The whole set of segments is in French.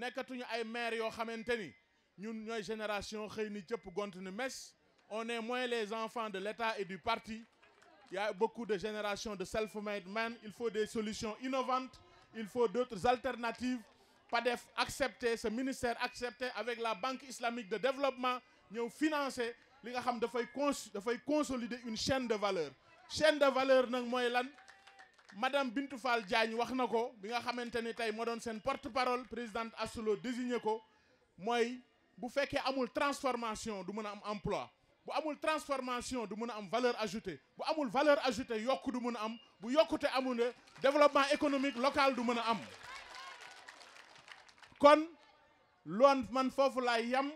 Nous ay ñun génération on est moins les enfants de l'État et du parti il y a beaucoup de générations de self-made men il faut des solutions innovantes il faut d'autres alternatives Pas accepter ce ministère accepter avec la Banque islamique de développement nous financer li nga xam consolider une chaîne de valeur chaîne de valeur non moy lan madame Bintou Fall Diagne wax nako bi nga xamante tay mo doon porte parole présidente Assulo désigné ko moy bu féké amul transformation du mën am emploi bu amul transformation du mën am valeur ajoutée bu amul valeur ajoutée yokk du mën am bu yokkute amul développement économique local du mën am kon loon man fofu lay yam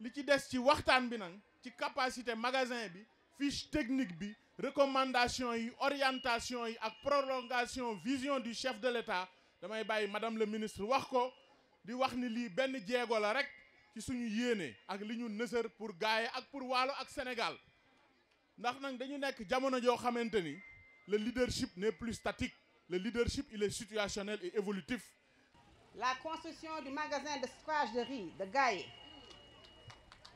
li ci dess ci waxtan bi nag ci capacité magasin bi fiche technique bi recommandation et orientation yi ak prolongation vision du chef de l'État damay à madame le ministre wax ko di wax ni qui sont djégo la rek ci suñu ak pour Gaaya ak pour Walo ak Sénégal ndax nak dañu que jamono jo xamanteni le leadership n'est plus statique le leadership il est situationnel et évolutif la construction du magasin de squash de riz de Gaïa,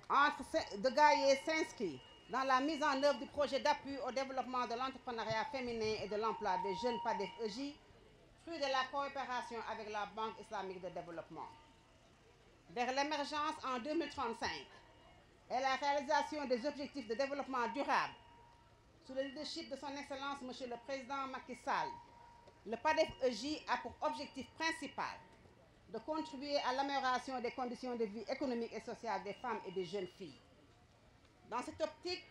entre de et s'inscrit dans la mise en œuvre du projet d'appui au développement de l'entrepreneuriat féminin et de l'emploi des jeunes PADEF-EJ, fruit de la coopération avec la Banque islamique de développement. Vers l'émergence en 2035 et la réalisation des objectifs de développement durable, sous le leadership de son Excellence Monsieur le Président Macky Sall, le PADEF-EJ a pour objectif principal de contribuer à l'amélioration des conditions de vie économique et sociale des femmes et des jeunes filles dans cette optique,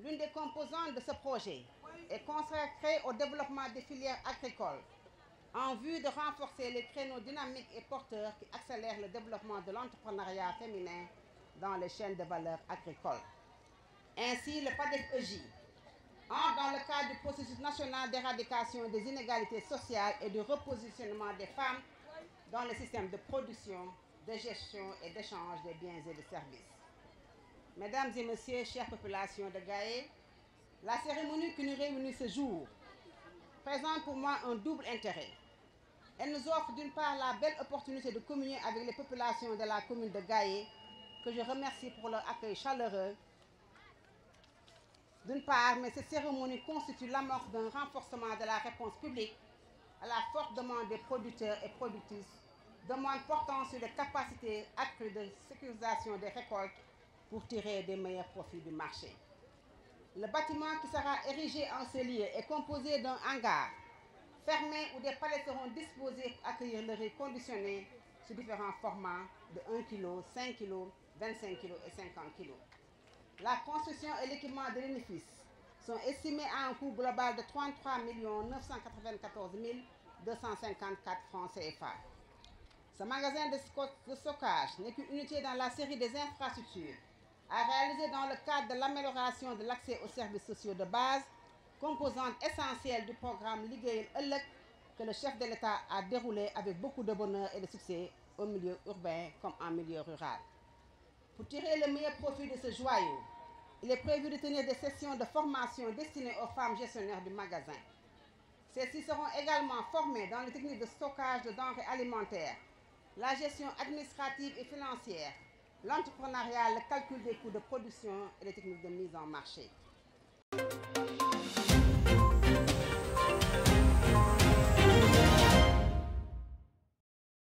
l'une des composantes de ce projet est consacrée au développement des filières agricoles en vue de renforcer les créneaux dynamiques et porteurs qui accélèrent le développement de l'entrepreneuriat féminin dans les chaînes de valeur agricoles. Ainsi, le PADEC ej e entre dans le cadre du processus national d'éradication des inégalités sociales et du repositionnement des femmes dans le système de production, de gestion et d'échange des biens et des services. Mesdames et messieurs, chères populations de Gaé, la cérémonie qui nous réunit ce jour présente pour moi un double intérêt. Elle nous offre d'une part la belle opportunité de communier avec les populations de la commune de Gaé, que je remercie pour leur accueil chaleureux. D'une part, mais cette cérémonie constitue l'amorce d'un renforcement de la réponse publique à la forte demande des producteurs et productrices, demande portant sur les capacités accrues de sécurisation des récoltes pour tirer des meilleurs profits du marché. Le bâtiment qui sera érigé en ce lieu est composé d'un hangar fermé où des palais seront disposés pour accueillir le riz conditionné sous différents formats de 1 kg, 5 kg, 25 kg et 50 kg. La construction et l'équipement de l'édifice sont estimés à un coût global de 33 994 254 francs CFA. Ce magasin de stockage n'est qu'une unité dans la série des infrastructures à réaliser dans le cadre de l'amélioration de l'accès aux services sociaux de base, composante essentielle du programme Ligueil Elec que le chef de l'État a déroulé avec beaucoup de bonheur et de succès au milieu urbain comme en milieu rural. Pour tirer le meilleur profit de ce joyau, il est prévu de tenir des sessions de formation destinées aux femmes gestionnaires du magasin. Celles-ci seront également formées dans les techniques de stockage de denrées alimentaires, la gestion administrative et financière, l'entrepreneuriat, le calcul des coûts de production et les techniques de mise en marché.